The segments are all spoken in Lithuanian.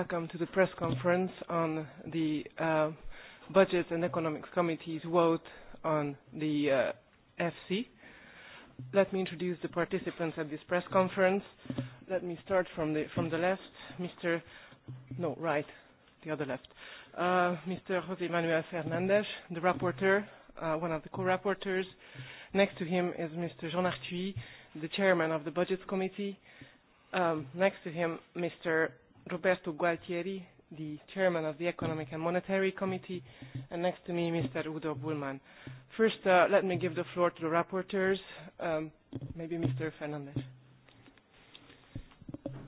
Welcome to the press conference on the uh, Budget and Economics Committee's vote on the uh, FC. Let me introduce the participants at this press conference. Let me start from the, from the left. Mr. No, right, the other left. Uh, Mr. José Manuel Fernández, the rapporteur, uh, one of the co-rapporteurs. Next to him is Mr. Jean Arthuis, the chairman of the Budget Committee. Um, next to him, Mr. Roberto Gualtieri, the chairman of the Economic and Monetary Committee, and next to me, Mr. Udo Bullman. First, uh, let me give the floor to the rapporteurs, um, maybe Mr. Fernandez.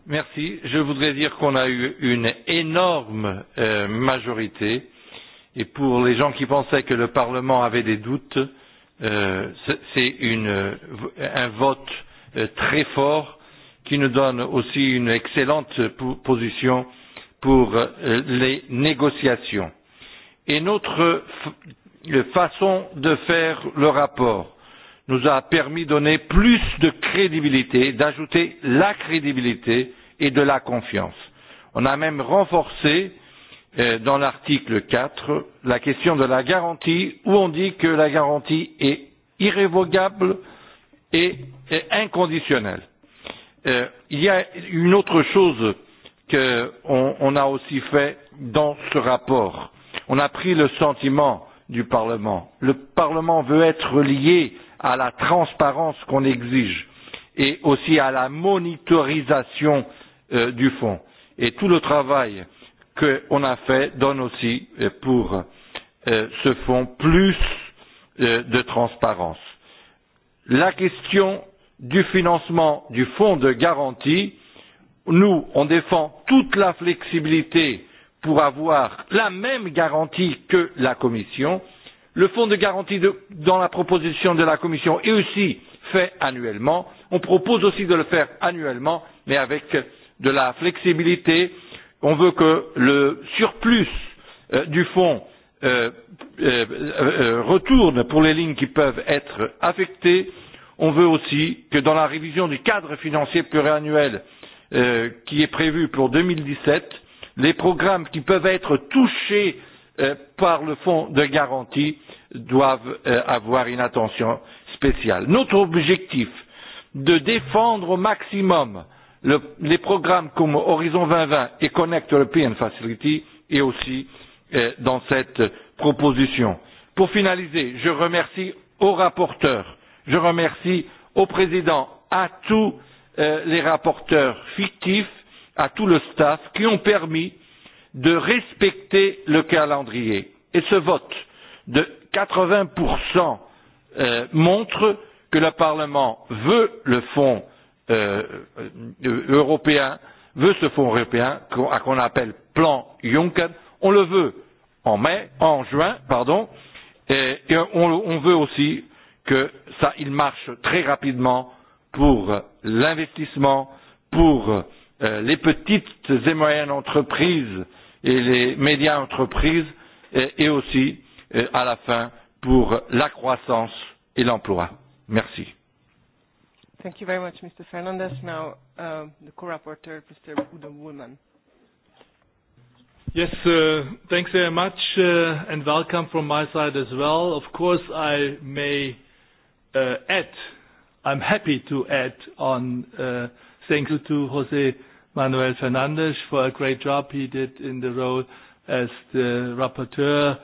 Merci. Je voudrais dire qu'on a eu une énorme euh, majorité et pour les gens qui pensaient que le Parlement avait des doutes, euh, c'est un vote euh, très fort qui nous donne aussi une excellente position pour euh, les négociations. Et notre façon de faire le rapport nous a permis de donner plus de crédibilité, d'ajouter la crédibilité et de la confiance. On a même renforcé euh, dans l'article 4 la question de la garantie où on dit que la garantie est irrévocable et inconditionnelle Euh, il y a une autre chose qu'on on a aussi fait dans ce rapport. On a pris le sentiment du Parlement. Le Parlement veut être lié à la transparence qu'on exige et aussi à la monitorisation euh, du fonds. Et tout le travail qu'on a fait donne aussi euh, pour euh, ce fonds plus euh, de transparence. La question du financement du fonds de garantie, nous, on défend toute la flexibilité pour avoir la même garantie que la Commission. Le fonds de garantie de, dans la proposition de la Commission est aussi fait annuellement. On propose aussi de le faire annuellement, mais avec de la flexibilité. On veut que le surplus euh, du fonds euh, euh, euh, euh retourne pour les lignes qui peuvent être affectées. Euh, on veut aussi que dans la révision du cadre financier pluriannuel euh, qui est prévu pour deux mille dix sept les programmes qui peuvent être touchés euh, par le fonds de garantie doivent euh, avoir une attention spéciale. Notre objectif de défendre au maximum le, les programmes comme Horizon 2020 et Connect European Facility est aussi euh, dans cette proposition. Pour finaliser, je remercie aux rapporteurs Je remercie au président, à tous euh, les rapporteurs fictifs, à tout le staff qui ont permis de respecter le calendrier. Et ce vote de 80 euh, montre que le Parlement veut le fonds euh, euh européen, veut ce fonds européen qu'on qu appelle plan Juncker. On le veut en mai, en juin, pardon, et, et on, on veut aussi que ça, il marche très rapidement pour l'investissement, pour euh, les petites et moyennes entreprises et les médias entreprises et, et aussi euh, à la fin pour la croissance et l'emploi. Merci. Thank you very much, Mr. Fernandez. Now, uh, the co-rapporteur, Mr. Udo Woolman. Yes, uh, thanks very much, uh, and welcome from my side as well. Of course, I may uh, add, I'm happy to add on uh, thanks to José Manuel Fernández for a great job he did in the role as the rapporteur.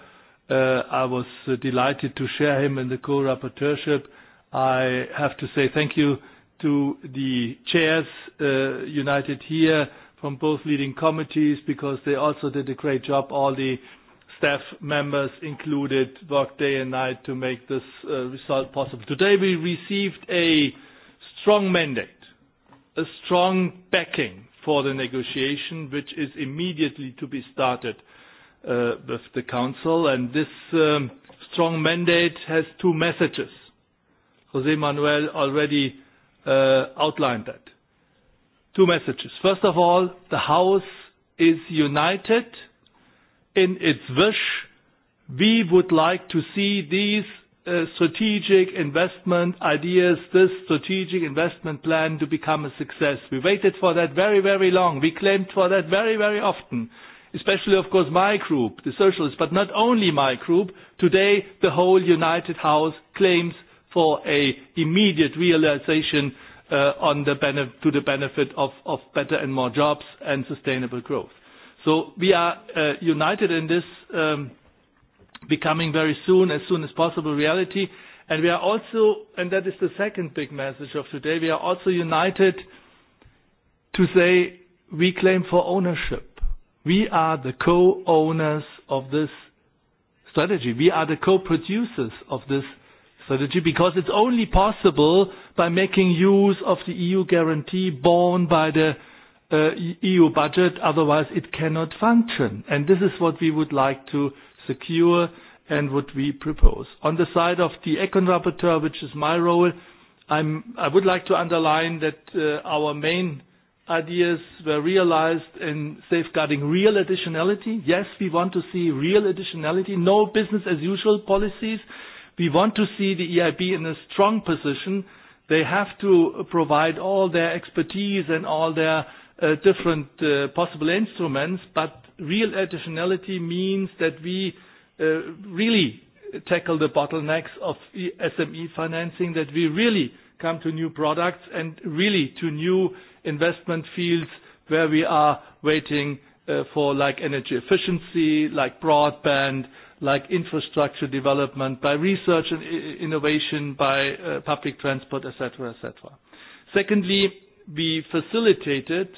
Uh, I was uh, delighted to share him in the co-rapporteurship. I have to say thank you to the chairs uh, united here from both leading committees because they also did a great job. All the uh, staff members included worked day and night to make this uh, result possible. Today we received a strong mandate, a strong backing for the negotiation, which is immediately to be started uh, with the Council. And this um, strong mandate has two messages. José Manuel already uh, outlined that. Two messages. First of all, the House is united – in its wish, we would like to see these uh, strategic investment ideas, this strategic investment plan to become a success. We waited for that very, very long. We claimed for that very, very often, especially, of course, my group, the socialists, but not only my group. Today, the whole United House claims for a immediate realization uh, on the benef- to the benefit of, of better and more jobs and sustainable growth. So we are uh, united in this um, becoming very soon, as soon as possible, reality. And we are also, and that is the second big message of today, we are also united to say we claim for ownership. We are the co-owners of this strategy. We are the co-producers of this strategy because it's only possible by making use of the EU guarantee borne by the uh, EU e budget, otherwise it cannot function. And this is what we would like to secure and what we propose. On the side of the Econ Rapporteur, which is my role, I'm, I would like to underline that uh, our main ideas were realized in safeguarding real additionality. Yes, we want to see real additionality, no business as usual policies. We want to see the EIB in a strong position. They have to provide all their expertise and all their uh, different uh, possible instruments, but real additionality means that we uh, really tackle the bottlenecks of SME e financing, that we really come to new products and really to new investment fields where we are waiting uh, for like energy efficiency, like broadband, like infrastructure development, by research and innovation, by uh, public transport, et cetera, et cetera. Secondly, be facilitated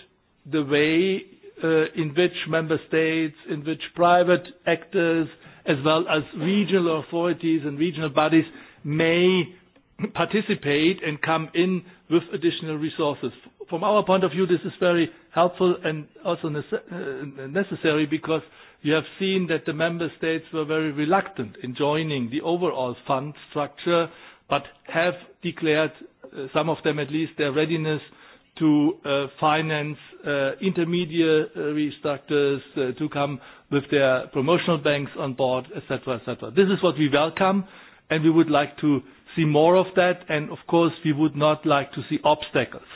the way uh, in which member states, in which private actors, as well as regional authorities and regional bodies may participate and come in with additional resources. From our point of view, this is very helpful and also uh, necessary because you have seen that the member states were very reluctant in joining the overall fund structure, but have declared, uh, some of them at least, their readiness uh, to uh, finance uh, intermediary structures, uh, to come with their promotional banks on board, et cetera, et cetera. This is what we welcome, and we would like to see more of that, and of course, we would not like to see obstacles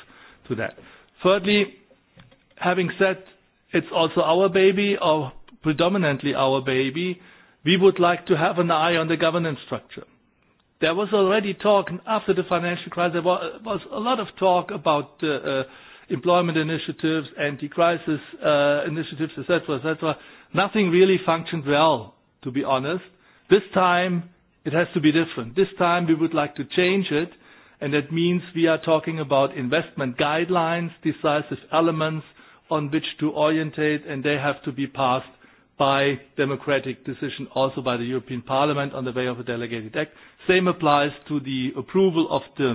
to that. Thirdly, having said it's also our baby or predominantly our baby, we would like to have an eye on the governance structure. There was already talk after the financial crisis, there was a lot of talk about uh, uh, employment initiatives, anti-crisis uh, initiatives, et cetera, et cetera. Nothing really functioned well, to be honest. This time it has to be different. This time we would like to change it, and that means we are talking about investment guidelines, decisive elements on which to orientate, and they have to be passed by democratic decision also by the European Parliament on the way of a delegated act. Same applies to the approval of the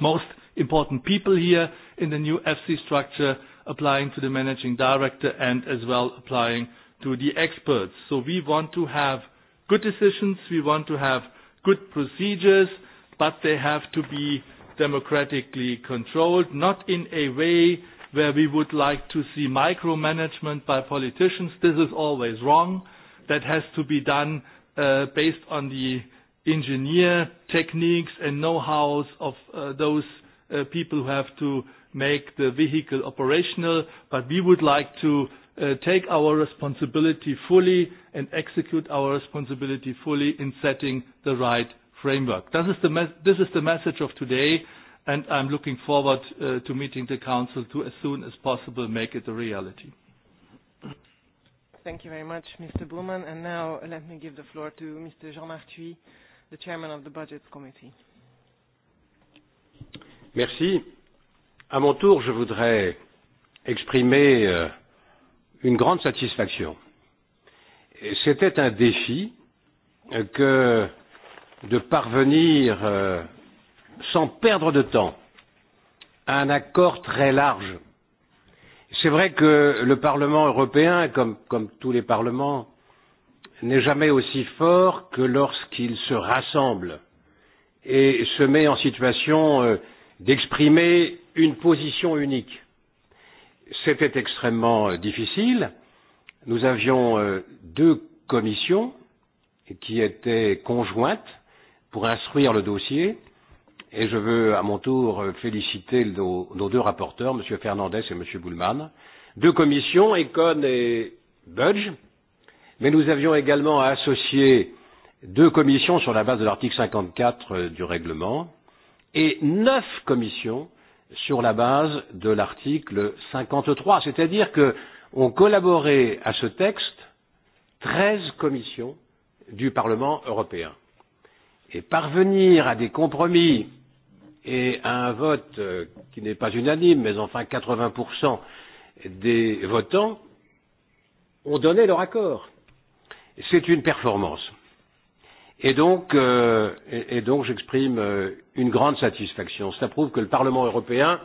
most important people here in the new FC structure applying to the managing director and as well applying to the experts. So we want to have good decisions, we want to have good procedures, but they have to be democratically controlled, not in a way where we would like to see micromanagement by politicians. This is always wrong. That has to be done uh, based on the engineer techniques and know-hows of uh, those uh, people who have to make the vehicle operational. But we would like to Uh, take our responsibility fully and execute our responsibility fully in setting the right framework. This is the, me this is the message of today, and I'm looking forward uh, to meeting the council to, as soon as possible, make it a reality. Thank you very much, Mr. Blumen. And now let me give the floor to Mr. Jean-Marc Thuy, the chairman of the Budget Committee. Merci. À mon tour, je voudrais exprimer euh, une grande satisfaction. C'était un défi euh, que de parvenir euh, sans perdre de temps, à un accord très large. C'est vrai que le Parlement européen, comme, comme tous les parlements, n'est jamais aussi fort que lorsqu'il se rassemble et se met en situation euh, d'exprimer une position unique. C'était extrêmement euh, difficile. Nous avions euh, deux commissions qui étaient conjointes pour instruire le dossier Et je veux à mon tour féliciter nos, nos deux rapporteurs, M. Fernandez et M. Boulman, deux commissions, Econ et Budge, mais nous avions également à associer deux commissions sur la base de l'article 54 euh, du règlement et neuf commissions sur la base de l'article 53. C'est-à-dire que ont collaboré à ce texte 13 commissions du Parlement européen. Et parvenir à des compromis et à un vote euh, qui n'est pas unanime, mais enfin 80% des votants ont donné leur accord. C'est une performance. Et donc, euh, et, et donc j'exprime euh, une grande satisfaction. Cela prouve que le Parlement européen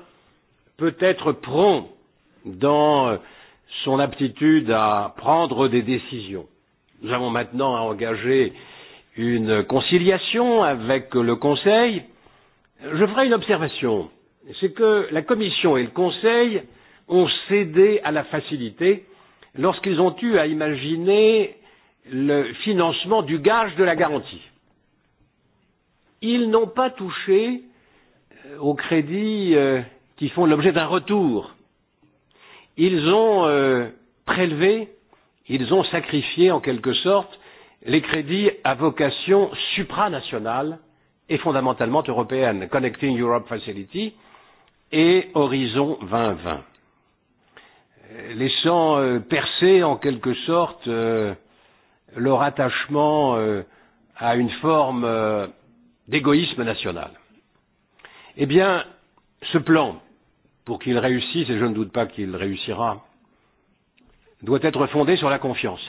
peut être prompt dans euh, son aptitude à prendre des décisions. Nous avons maintenant à engager une conciliation avec le Conseil, euh, Je ferai une observation, c'est que la Commission et le Conseil ont cédé à la facilité lorsqu'ils ont eu à imaginer le financement du gage de la garantie. Ils n'ont pas touché euh, aux crédits euh, qui font l'objet d'un retour. Ils ont euh, prélevé, ils ont sacrifié en quelque sorte les crédits à vocation supranationale euh, et fondamentalement européenne, Connecting Europe Facility et Horizon 2020, laissant euh, euh percer en quelque sorte euh, leur attachement euh, à une forme euh, d'égoïsme national. Eh bien, ce plan, pour qu'il réussisse, et je ne doute pas qu'il réussira, doit être fondé sur la confiance.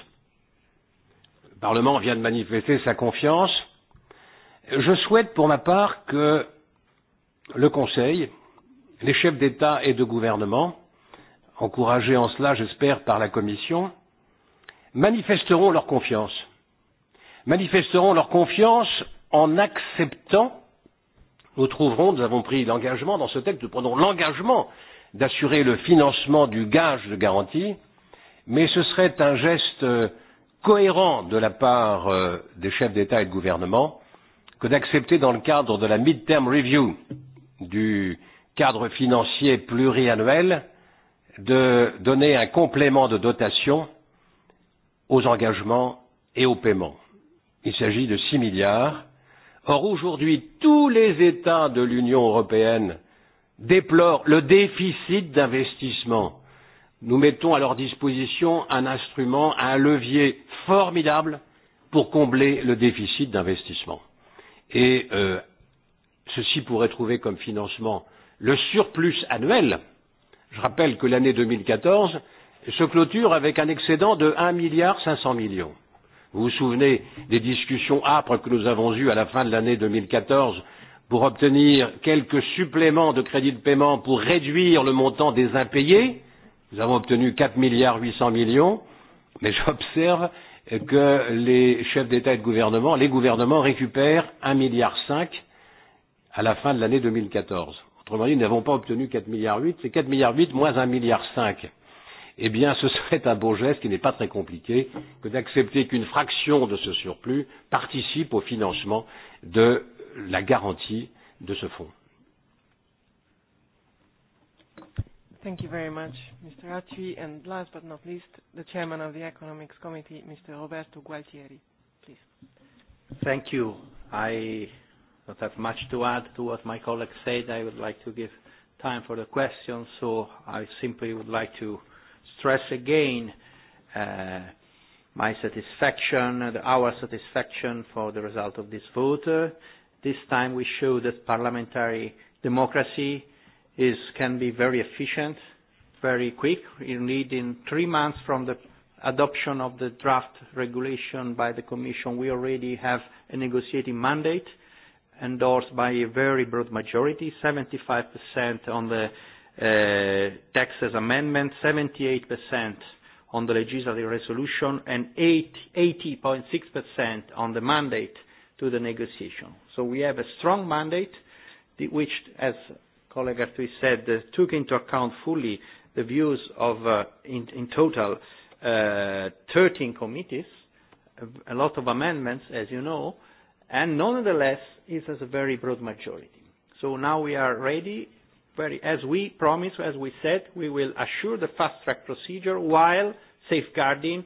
Le Parlement vient de manifester sa confiance Je souhaite pour ma part que le Conseil, les chefs d'État et de gouvernement, encouragés en cela, j'espère, par la Commission, manifesteront leur confiance. Manifesteront leur confiance en acceptant nous trouverons, nous avons pris l'engagement dans ce texte, nous prenons l'engagement d'assurer le financement du gage de garantie, mais ce serait un geste cohérent de la part euh, des chefs d'État et de gouvernement que d'accepter dans le cadre de la mid-term review du cadre financier pluriannuel de donner un complément de dotation aux engagements et aux paiements. Il s'agit de 6 milliards. Or, aujourd'hui, tous les États de l'Union européenne déplorent le déficit d'investissement. Nous mettons à leur disposition un instrument, un levier formidable pour combler le déficit d'investissement et euh, ceci pourrait trouver comme financement le surplus annuel. Je rappelle que l'année 2014 se clôture avec un excédent de 1 milliard 500 millions. Vous vous souvenez des discussions âpres que nous avons eues à la fin de l'année 2014 pour obtenir quelques suppléments de crédits de paiement pour réduire le montant des impayés. Nous avons obtenu 4 milliards 800 millions, mais j'observe que les chefs d'État et de gouvernement, les gouvernements récupèrent 1,5 milliard à la fin de l'année 2014. Autrement dit, nous n'avons pas obtenu 4,8 milliards, c'est 4,8 milliards moins 1,5 milliard. Eh bien, ce serait un beau geste qui n'est pas très compliqué que d'accepter qu'une fraction de ce surplus participe au financement de la garantie de ce fonds. Thank you very much, Mr. Acci. And last but not least, the chairman of the Economics Committee, Mr. Roberto Gualtieri. Please. Thank you. I don't have much to add to what my colleague said. I would like to give time for the questions, so I simply would like to stress again uh, my satisfaction, our satisfaction for the result of this vote. This time we show that parliamentary democracy is can be very efficient, very quick. Indeed, in three months from the adoption of the draft regulation by the Commission, we already have a negotiating mandate endorsed by a very broad majority, 75% on the uh, text as amendment, 78% on the legislative resolution, and 80.6% 80 on the mandate to the negotiation. So we have a strong mandate which, as colleague Artui said, uh, took into account fully the views of, uh, in, in total, uh, 13 committees, a, a lot of amendments, as you know, and nonetheless, it has a very broad majority. So now we are ready, very, as we promised, as we said, we will assure the fast-track procedure while safeguarding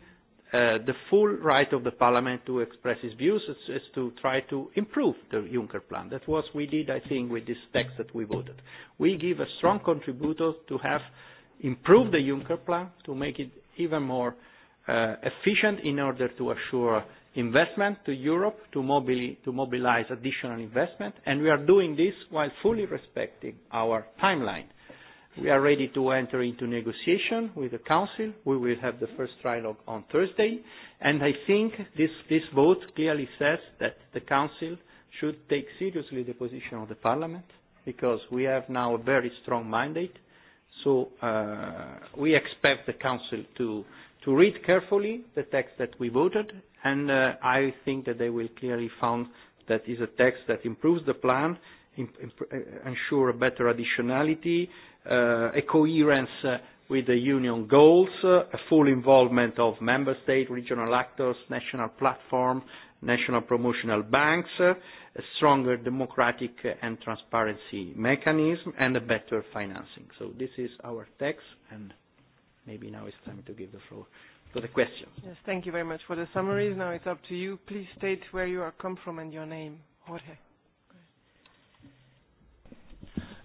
uh, the full right of the parliament to express its views is, is to try to improve the Juncker plan. That was we did, I think, with this text that we voted. We give a strong contributor to have improved the Juncker plan to make it even more uh, efficient in order to assure investment to Europe to, mobili to mobilize additional investment, and we are doing this while fully respecting our timeline We are ready to enter into negotiation with the council. We will have the first trilogue on Thursday. And I think this, this vote clearly says that the council should take seriously the position of the parliament because we have now a very strong mandate. So uh, we expect the council to, to read carefully the text that we voted and uh, I think that they will clearly found that is a text that improves the plan Uh, ensure better additionality, uh, a coherence uh, with the union goals, uh, a full involvement of member state, regional actors, national platform, national promotional banks, uh, a stronger democratic uh, and transparency mechanism, and a better financing. So this is our text, and maybe now it's time to give the floor to the question. Yes, thank you very much for the summaries. Now it's up to you. Please state where you are come from and your name. Jorge.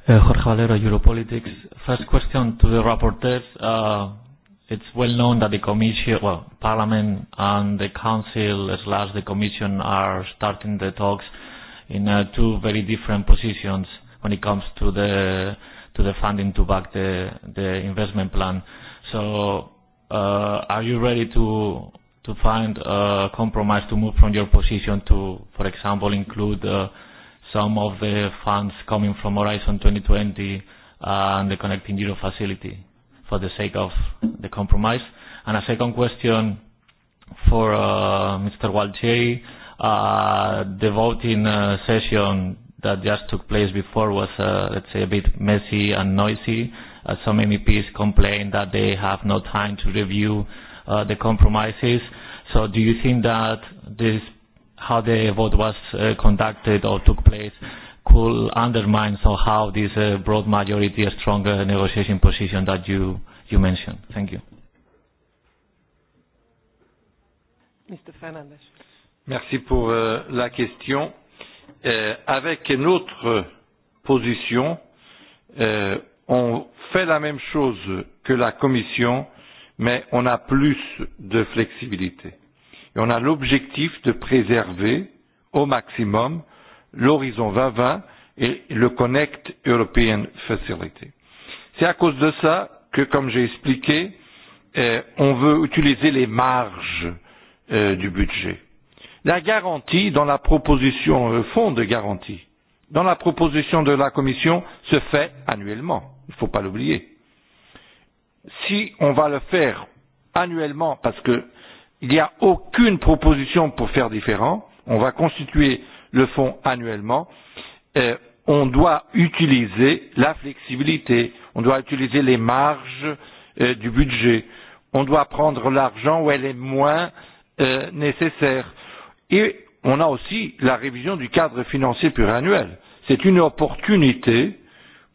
Uh, Jorge Valero, Europolitics. First question to the rapporteurs. Uh, it's well known that the Commission, well, Parliament and the Council slash the Commission are starting the talks in uh, two very different positions when it comes to the to the funding to back the the investment plan. So, uh, are you ready to to find a compromise to move from your position to, for example, include uh, some of the funds coming from Horizon 2020 uh, and the Connecting Europe facility for the sake of the compromise? And a second question for uh, Mr. Walchey. Uh, the voting uh, session that just took place before was, uh, let's say, a bit messy and noisy. Uh, some MEPs complained that they have no time to review uh, the compromises. So do you think that this how the vote was uh, conducted or took place could undermine somehow this uh, broad majority, a stronger negotiation position that you, you mentioned. Thank you. Mr. Fernandez. Merci pour euh, la question. Euh, avec notre position, euh, on fait la même chose que la Commission, mais on a plus de flexibilité et on a l'objectif de préserver au maximum l'horizon 2020 et le Connect European Facility. C'est à cause de ça que, comme j'ai expliqué, eh, on veut utiliser les marges eh, du budget. La garantie dans la proposition, le euh, fonds de garantie, dans la proposition de la Commission se fait annuellement. Il ne faut pas l'oublier. Si on va le faire annuellement, parce que il n'y a aucune proposition pour faire différent. On va constituer le fonds annuellement. Euh, on doit utiliser la flexibilité, on doit utiliser les marges euh, du budget, on doit prendre l'argent où elle est moins euh, nécessaire. Et on a aussi la révision du cadre financier pluriannuel. C'est une opportunité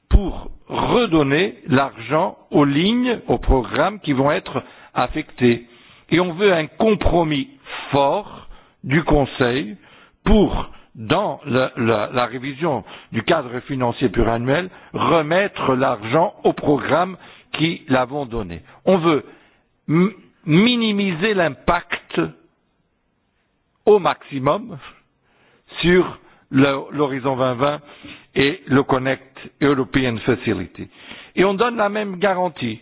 pour redonner l'argent aux lignes, aux programmes qui vont être affectés et on veut un compromis fort du Conseil pour, dans la, la, la révision du cadre financier pluriannuel, remettre l'argent au programme qui l'avons donné. On veut minimiser l'impact au maximum sur l'horizon 2020 et le Connect European Facility. Et on donne la même garantie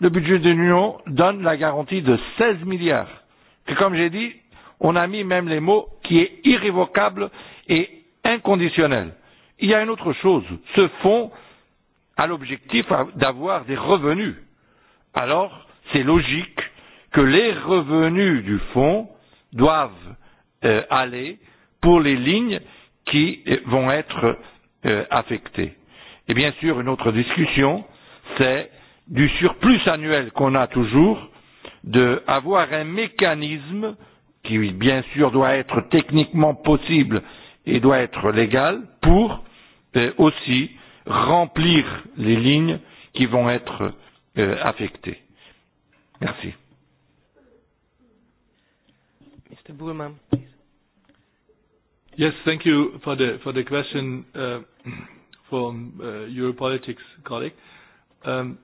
le budget de l'Union donne la garantie de 16 milliards. Et comme j'ai dit, on a mis même les mots qui est irrévocable et inconditionnel. Il y a une autre chose. Ce fonds a l'objectif d'avoir des revenus. Alors, c'est logique que les revenus du fonds doivent euh, aller pour les lignes qui euh, vont être euh, affectées. Et bien sûr, une autre discussion, c'est du surplus annuel qu'on a toujours, d'avoir un mécanisme qui, bien sûr, doit être techniquement possible et doit être légal pour euh, aussi remplir les lignes qui vont être euh, affectées. Merci. Mr. Buhlmann, please. Yes, thank you for the, for the question uh, from uh, your politics colleague. Um,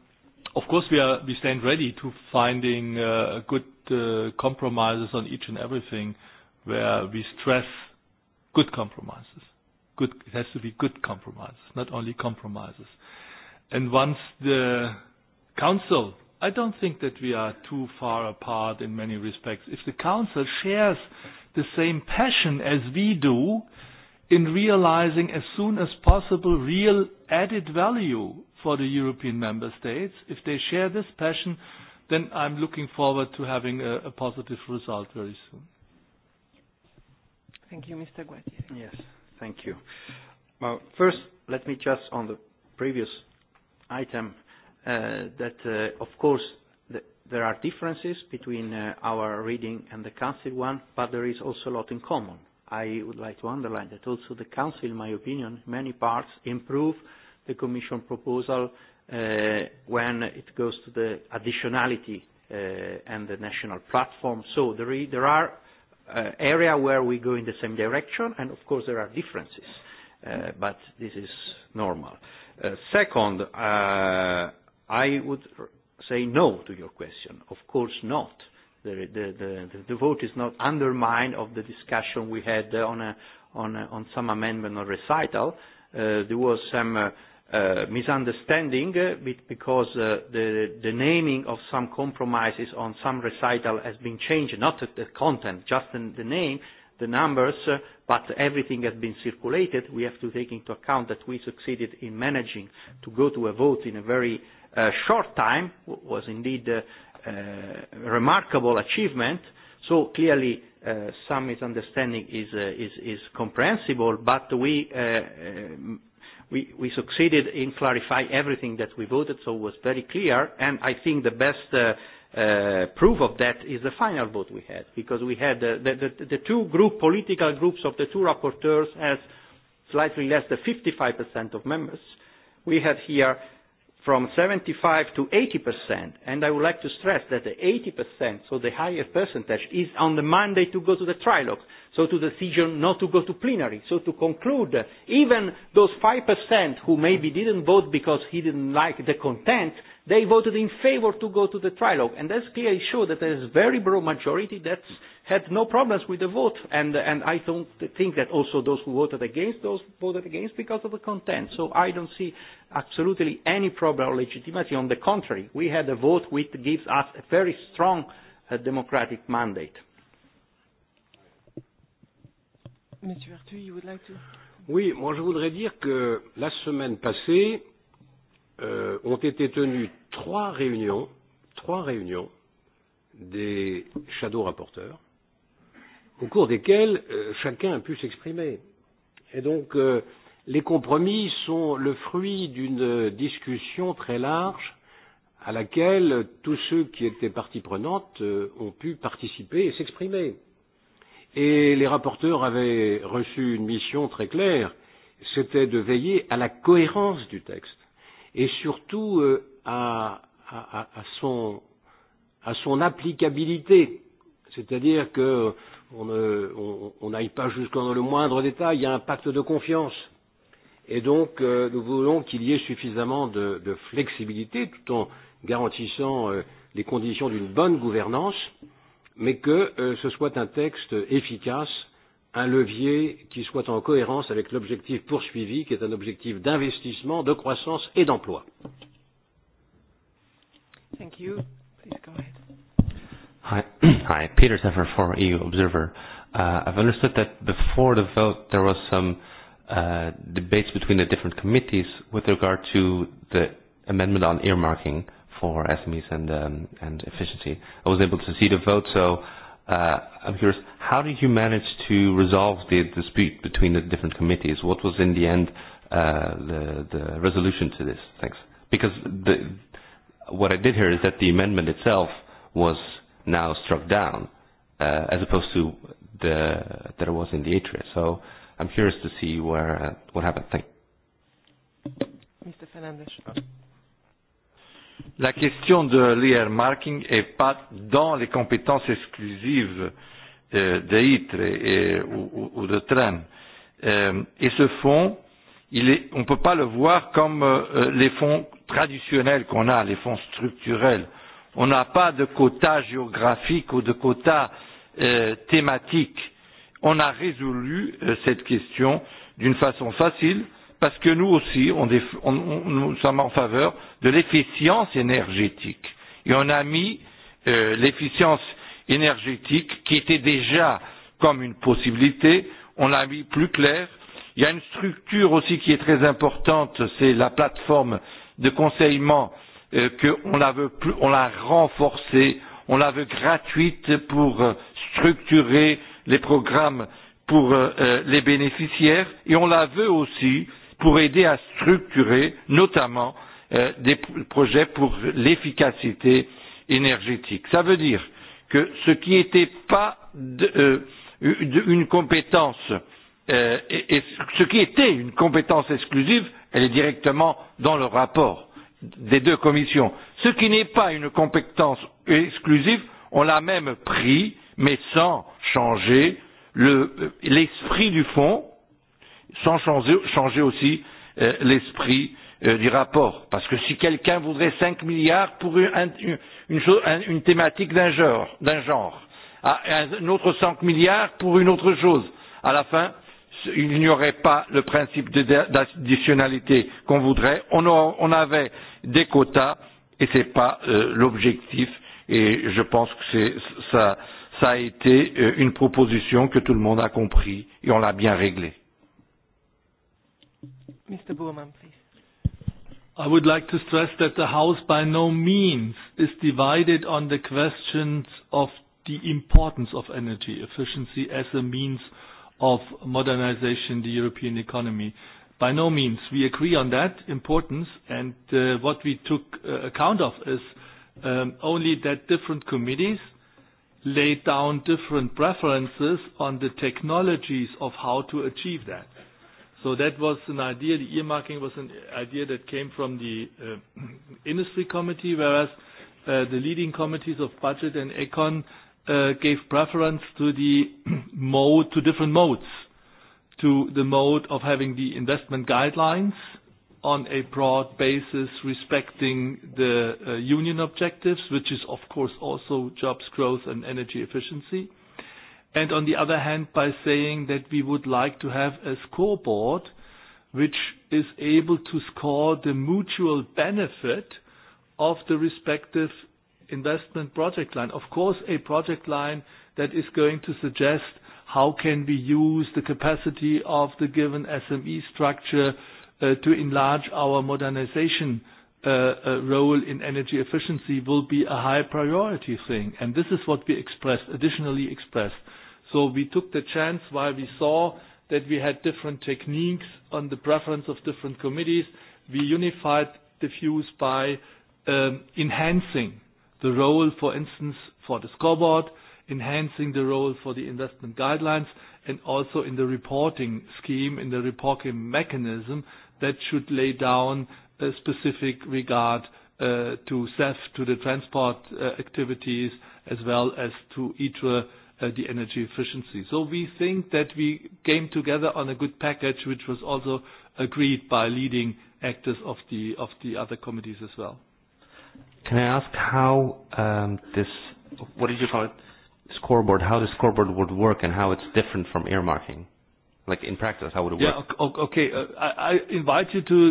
Of course, we, are, we stand ready to finding uh, good uh, compromises on each and everything where we stress good compromises. Good, it has to be good compromises, not only compromises. And once the council, I don't think that we are too far apart in many respects. If the council shares the same passion as we do in realizing as soon as possible real added value for the European member states. If they share this passion, then I'm looking forward to having a, a positive result very soon. Thank you, Mr. Gualtieri. Yes, thank you. Well, first, let me just on the previous item uh, that, uh, of course, the, there are differences between uh, our reading and the Council one, but there is also a lot in common. I would like to underline that also the Council, in my opinion, many parts improve uh, the Commission proposal uh, when it goes to the additionality uh, and the national platform. So there, is, there are uh, areas where we go in the same direction, and of course there are differences, uh, but this is normal. Uh, second, uh, I would say no to your question. Of course not. The, the, the, the vote is not undermined of the discussion we had on, a, on, a, on some amendment or recital. Uh, there was some uh, uh, misunderstanding uh, because uh, the, the naming of some compromises on some recital has been changed, not the content, just in the name, the numbers, uh, but everything has been circulated. We have to take into account that we succeeded in managing to go to a vote in a very uh, short time, was indeed uh, uh, remarkable achievement. So clearly uh, some misunderstanding is, uh, is, is comprehensible, but we uh, uh, we, we succeeded in clarifying everything that we voted, so it was very clear. And I think the best uh, uh, proof of that is the final vote we had, because we had uh, the, the, the two group, political groups of the two rapporteurs has slightly less than 55% of members. We had here from 75 to 80%, and I would like to stress that the 80%, so the higher percentage, is on the mandate to go to the trilogue, so to the decision not to go to plenary, so to conclude even those 5% who maybe didn't vote because he didn't like the content, they voted in favor to go to the trilogue, and that's clearly show that there is very broad majority that's had no problems with the vote. And, and I don't think that also those who voted against, those voted against because of the content. So I don't see absolutely any problem or legitimacy. On the contrary, we had a vote which gives us a very strong uh, democratic mandate. Monsieur Arthur, you would like to... Oui, moi je voudrais dire que la semaine passée euh, ont été tenues trois réunions, trois réunions des shadow rapporteurs au cours desquelles euh, chacun a pu s'exprimer. Et donc, euh, les compromis sont le fruit d'une euh, discussion très large à laquelle tous ceux qui étaient partie prenante euh, ont pu participer et s'exprimer. Et les rapporteurs avaient reçu une mission très claire, c'était de veiller à la cohérence du texte et surtout euh, à, à, à, son, à son applicabilité. C'est-à-dire que on n'aille on, on pas jusque dans le moindre détail, il y a un pacte de confiance. Et donc, euh, nous voulons qu'il y ait suffisamment de, de flexibilité tout en garantissant euh, les conditions d'une bonne gouvernance, mais que euh, ce soit un texte efficace, un levier qui soit en cohérence avec l'objectif poursuivi, qui est un objectif d'investissement, de croissance et d'emploi. Thank you. Please go ahead. Hi, hi, Peter Seffer, former EU observer. Uh, I've understood that before the vote there was some uh, debates between the different committees with regard to the amendment on earmarking for SMEs and um, and efficiency. I was able to see the vote, so uh, I'm curious, how did you manage to resolve the dispute between the different committees? What was in the end uh, the the resolution to this? Thanks. Because the what I did hear is that the amendment itself was now struck down, uh, as opposed to the that it was in the atria. So I'm curious to see where uh, what happened. Thank you. Mr. Fernandez. La question de l'earmarking n'est pas dans les compétences exclusives euh, de ITRE et, ou, ou de TREN. Euh, et ce fonds, il est, on ne peut pas le voir comme euh, les fonds traditionnels qu'on a, les fonds structurels. Euh, on n'a pas de quota géographique ou de quota euh, thématique. On a résolu euh, cette question d'une façon facile parce que nous aussi, on déf on, on, nous sommes en faveur de l'efficience énergétique. Et on a mis euh, l'efficience énergétique qui était déjà comme une possibilité, on l'a mis plus clair. Il y a une structure aussi qui est très importante, c'est la plateforme de conseillement euh, euh, qu'on la, veut plus, on la renforcée, on la veut gratuite pour euh, structurer les programmes pour euh, euh les bénéficiaires et on la veut aussi pour aider à structurer notamment euh, des projets pour l'efficacité énergétique. Ça veut dire que ce qui n'était pas de, euh, une compétence euh, et, et ce qui était une compétence exclusive, elle est directement dans le rapport des deux commissions, ce qui n'est pas une compétence exclusive, on l'a même pris, mais sans changer l'esprit le, du fonds, sans changer, changer aussi euh, l'esprit euh, du rapport. Parce que si quelqu'un voudrait 5 milliards pour une, une, une, chose, une thématique d'un genre, d'un genre un autre 5 milliards pour une autre chose, à la fin, il n'y aurait pas le principe d'additionnalité qu'on voudrait. On, a, on avait des quotas et ce n'est pas euh, l'objectif. Et je pense que ça, ça a été euh, une proposition que tout le monde a compris et on l'a bien réglée. Mr. Burman, please. I would like to stress that the House by no means is divided on the questions of the importance of energy efficiency as a means of of modernization the European economy. By no means. We agree on that importance, and uh, what we took uh, account of is um, only that different committees laid down different preferences on the technologies of how to achieve that. So that was an idea. The earmarking was an idea that came from the uh, industry committee, whereas uh, the leading committees of budget and econ uh, gave preference to the mode, to different modes, to the mode of having the investment guidelines on a broad basis respecting the uh, union objectives, which is of course also jobs growth and energy efficiency. And on the other hand, by saying that we would like to have a scoreboard which is able to score the mutual benefit of the respective investment project line. Of course, a project line that is going to suggest how can we use the capacity of the given SME structure uh, to enlarge our modernization uh, uh, role in energy efficiency will be a high priority thing. And this is what we expressed, additionally expressed. So we took the chance while we saw that we had different techniques on the preference of different committees. We unified the views by um, enhancing the role, for instance, for the scoreboard, enhancing the role for the investment guidelines, and also in the reporting scheme, in the reporting mechanism that should lay down a specific regard uh, to CEF, to the transport uh, activities, as well as to ITRE, uh, the energy efficiency. So we think that we came together on a good package, which was also agreed by leading actors of the, of the other committees as well. Can I ask how um, this, what did you call it, scoreboard, how the scoreboard would work and how it's different from earmarking? Like in practice, how would it work? Yeah, okay. Uh, I, I invite you to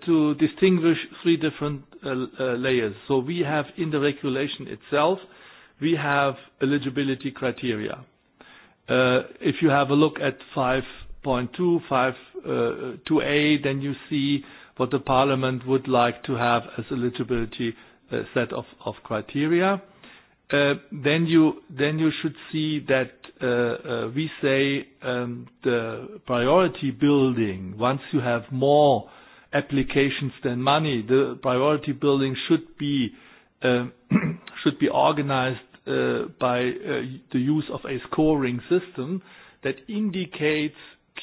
uh, to distinguish three different uh, uh, layers. So we have in the regulation itself, we have eligibility criteria. Uh, if you have a look at 5.2, 5.2a, uh, then you see what the Parliament would like to have as eligibility criteria uh, set of, of criteria. Uh, then you then you should see that uh, uh, we say um, the priority building. Once you have more applications than money, the priority building should be um, should be organized uh, by uh, the use of a scoring system that indicates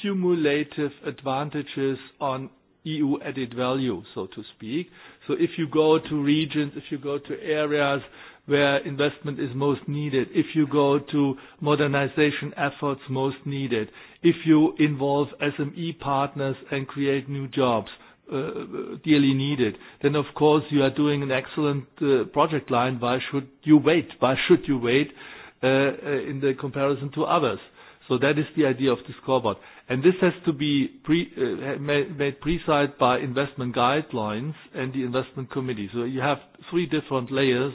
cumulative advantages on EU added value, so to speak. Uh, So if you go to regions, if you go to areas where investment is most needed, if you go to modernization efforts most needed, if you involve SME partners and create new jobs, uh, dearly needed, then of course you are doing an excellent uh, project line. Why should you wait? Why should you wait uh, uh in the comparison to others? Uh, So that is the idea of the scoreboard. And this has to be pre, uh, made, made precise by investment guidelines and the investment committee. So you have three different layers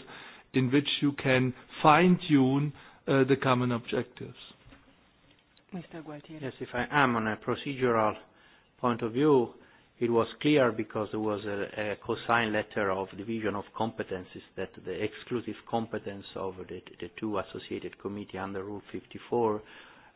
in which you can fine-tune uh, the common objectives. Mr. Gualtieri. Yes, if I am on a procedural point of view, it was clear because there was a, a co-signed letter of division of competences that the exclusive competence of the, the two associated committee under Rule 54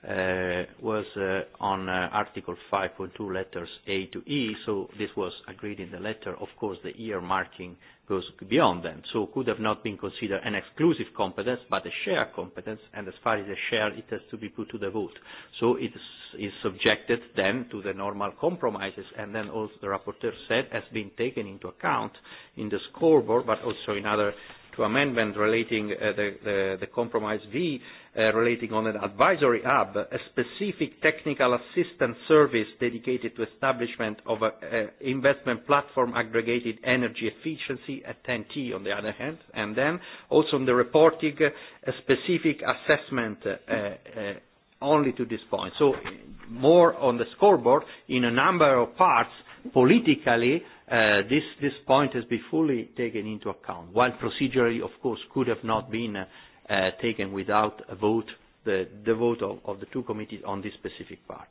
uh, was uh, on uh, Article 5.2 letters A to E, so this was agreed in the letter. Of course, the year marking goes beyond them, so could have not been considered an exclusive competence, but a shared competence, and as far as a share, it has to be put to the vote. So it is subjected then to the normal compromises, and then also the rapporteur said has been taken into account in the scoreboard, but also in other to amendment relating uh, the, the, the compromise V uh, relating on an advisory hub, a specific technical assistance service dedicated to establishment of an uh, investment platform aggregated energy efficiency at 10T on the other hand, and then also in the reporting uh, a specific assessment uh, uh, only to this point. So more on the scoreboard in a number of parts politically, uh, this, this point has been fully taken into account. While procedurally, of course, could have not been uh, uh, taken without a vote, the, the vote of, of the two committees on this specific part.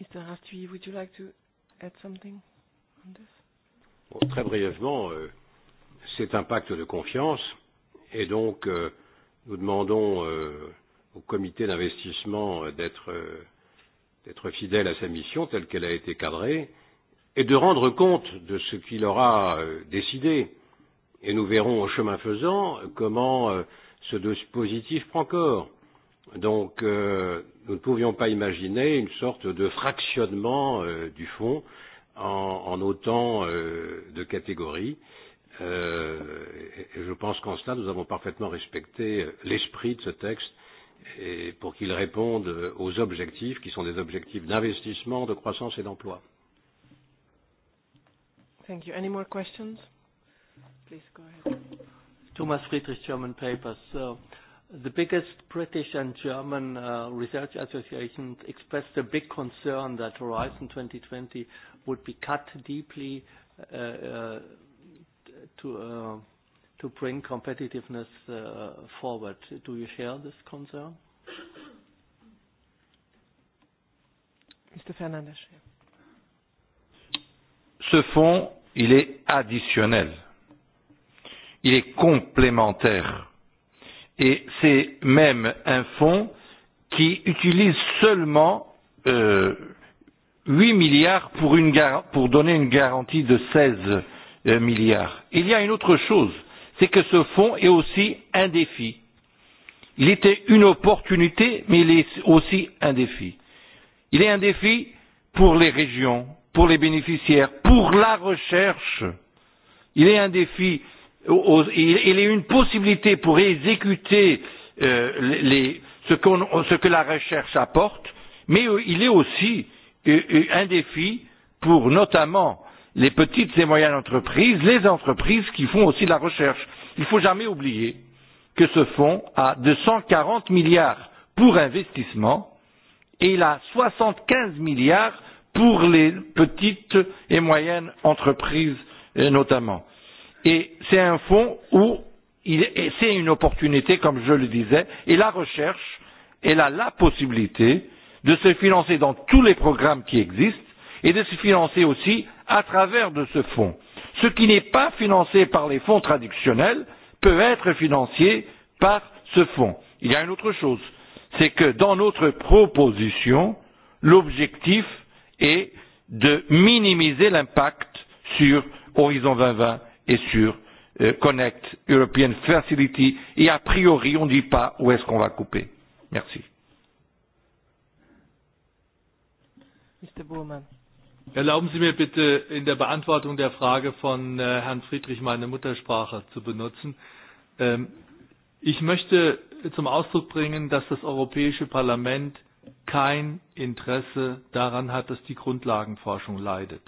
Mr. Rastui, would you like to add something on this? Bon, très brièvement, euh, c'est un pacte de confiance et donc euh, nous demandons euh, au comité d'investissement euh, d'être euh, d'être fidèle à sa mission telle qu'elle a été cadrée et de rendre compte de ce qu'il aura euh, décidé. Et nous verrons au chemin faisant comment euh, ce dispositif prend corps. Donc euh, nous ne pouvions pas imaginer une sorte de fractionnement euh, du fonds en, en autant euh, de catégories. Euh, et, et je pense qu'en cela, nous avons parfaitement respecté euh, l'esprit de ce texte et pour qu'ils répondent aux objectifs qui sont des objectifs d'investissement, de croissance et d'emploi. Thank you. Any more questions? Please go ahead. Thomas Friedrich, German Papers. So, the biggest British and German uh, research associations expressed a big concern that Horizon 2020 would be cut deeply uh, uh, to uh, to bring competitiveness uh, forward. Do you share this concern? Mr. Fernandez. Ce fonds, il est additionnel. Il est complémentaire. Et c'est même un fonds qui utilise seulement euh, 8 milliards pour, une, pour donner une garantie de 16 euh, milliards. Il y a une autre chose c'est que ce fonds est aussi un défi. Il était une opportunité, mais il est aussi un défi. Il est un défi pour les régions, pour les bénéficiaires, pour la recherche. Il est un défi, il est une possibilité pour exécuter euh, les, ce, qu ce que la recherche apporte, mais euh, il est aussi euh, euh, un défi pour notamment les petites et moyennes entreprises, les entreprises qui font aussi de la recherche. Il ne faut jamais oublier que ce fonds a 240 milliards pour investissement et il a 75 milliards pour les petites et moyennes entreprises euh, notamment. Et c'est un fonds où c'est une opportunité, comme je le disais, et la recherche, elle a la possibilité de se financer dans tous les programmes qui existent et de se financer aussi à travers de ce fonds. Ce qui n'est pas financé par les fonds traditionnels peut être financé par ce fonds. Il y a une autre chose, c'est que dans notre proposition, l'objectif est de minimiser l'impact sur Horizon 2020 et sur euh, Connect European Facility et a priori on ne dit pas où est-ce qu'on va couper. Merci. Mr. Bullman. Erlauben Sie mir bitte in der Beantwortung der Frage von äh, Herrn Friedrich meine Muttersprache zu benutzen. Ähm, ich möchte zum Ausdruck bringen, dass das Europäische Parlament kein Interesse daran hat, dass die Grundlagenforschung leidet.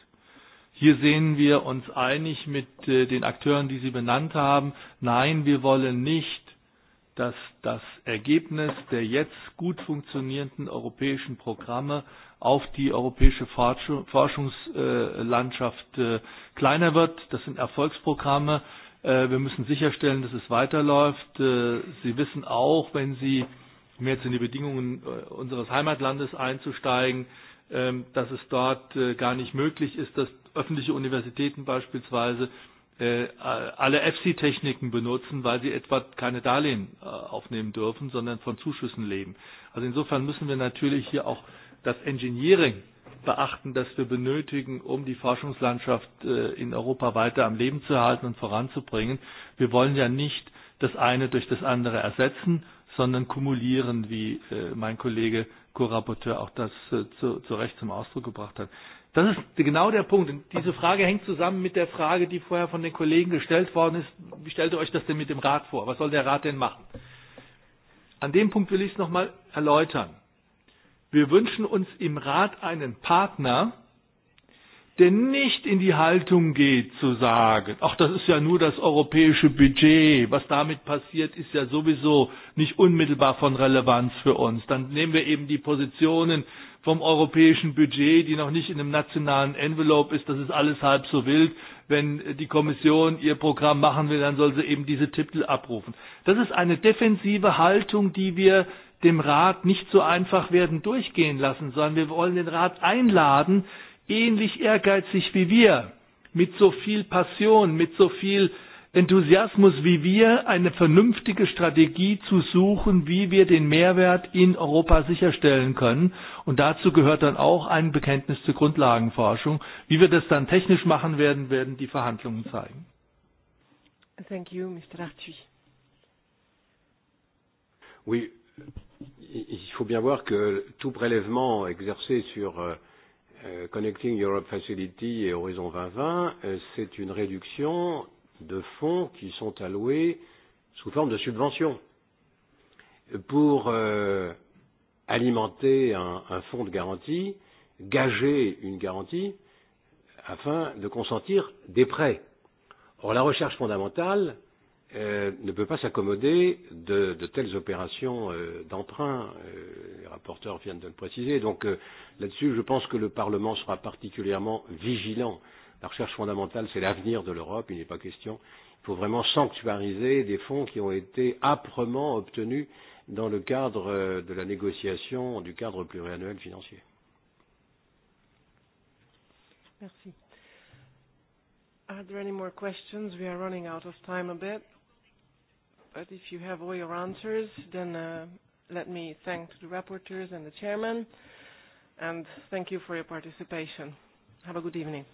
Hier sehen wir uns einig mit äh, den Akteuren, die Sie benannt haben. Nein, wir wollen nicht, dass das Ergebnis der jetzt gut funktionierenden europäischen Programme äh, auf die europäische Forschungslandschaft äh, kleiner wird. Das sind Erfolgsprogramme. Äh, wir müssen sicherstellen, dass es weiterläuft. Äh, sie wissen auch, wenn Sie, um jetzt in die Bedingungen unseres Heimatlandes einzusteigen, ähm, dass es dort gar nicht möglich ist, dass öffentliche Universitäten beispielsweise alle EFSI-Techniken benutzen, weil sie etwa keine Darlehen aufnehmen dürfen, sondern von Zuschüssen leben. Also insofern müssen wir natürlich hier auch das Engineering beachten, das wir benötigen, um die Forschungslandschaft äh, in Europa weiter am Leben zu halten und voranzubringen. Wir wollen ja nicht das eine durch das andere ersetzen, sondern kumulieren, wie äh, mein Kollege Co-Rapporteur auch das äh, zu, zu Recht zum Ausdruck gebracht hat. Das ist genau der Punkt. Und diese Frage hängt zusammen mit der Frage, die vorher von den Kollegen gestellt worden ist. Wie stellt ihr euch das denn mit dem Rat vor? Was soll der Rat denn machen? An dem Punkt will ich es nochmal erläutern. Wir wünschen uns im Rat einen Partner, der nicht in die Haltung geht, zu sagen, ach, das ist ja nur das europäische Budget, was damit passiert, ist ja sowieso nicht unmittelbar von Relevanz für uns. Dann nehmen wir eben die Positionen vom europäischen Budget, die noch nicht in einem nationalen Envelope ist, das ist alles halb so wild. Wenn die Kommission ihr Programm machen will, dann soll sie eben diese Titel abrufen. Das ist eine defensive Haltung, die wir dem Rat nicht so einfach werden durchgehen lassen, sondern wir wollen den Rat einladen, ähnlich ehrgeizig wie wir, mit so viel Passion, mit so viel Enthusiasmus wie wir, eine vernünftige Strategie zu suchen, wie wir den Mehrwert in Europa sicherstellen können. Und dazu gehört dann auch ein Bekenntnis zur Grundlagenforschung. Wie wir das dann technisch machen werden, werden die Verhandlungen zeigen. Thank you, Mr. Arthuis. Oui, Il faut bien voir que tout prélèvement exercé sur euh, euh Connecting Europe Facility et Horizon 2020, euh, c'est une réduction de fonds qui sont alloués sous forme de subventions pour euh, alimenter un, un fonds de garantie, gager une garantie, afin de consentir des prêts. Or, la recherche fondamentale, euh, euh, ne peut pas s'accommoder de, de telles opérations euh, d'emprunt. Euh, les rapporteurs viennent de le préciser. Donc euh, là-dessus, je pense que le Parlement sera particulièrement vigilant. La recherche fondamentale, c'est l'avenir de l'Europe, il n'est pas question. Il faut vraiment sanctuariser des fonds qui ont été âprement obtenus dans le cadre euh, de la négociation du cadre pluriannuel financier. Merci. Are there any more questions? We are running out of time a bit but if you have all your answers, then uh, let me thank the rapporteurs and the chairman, and thank you for your participation. Have a good evening.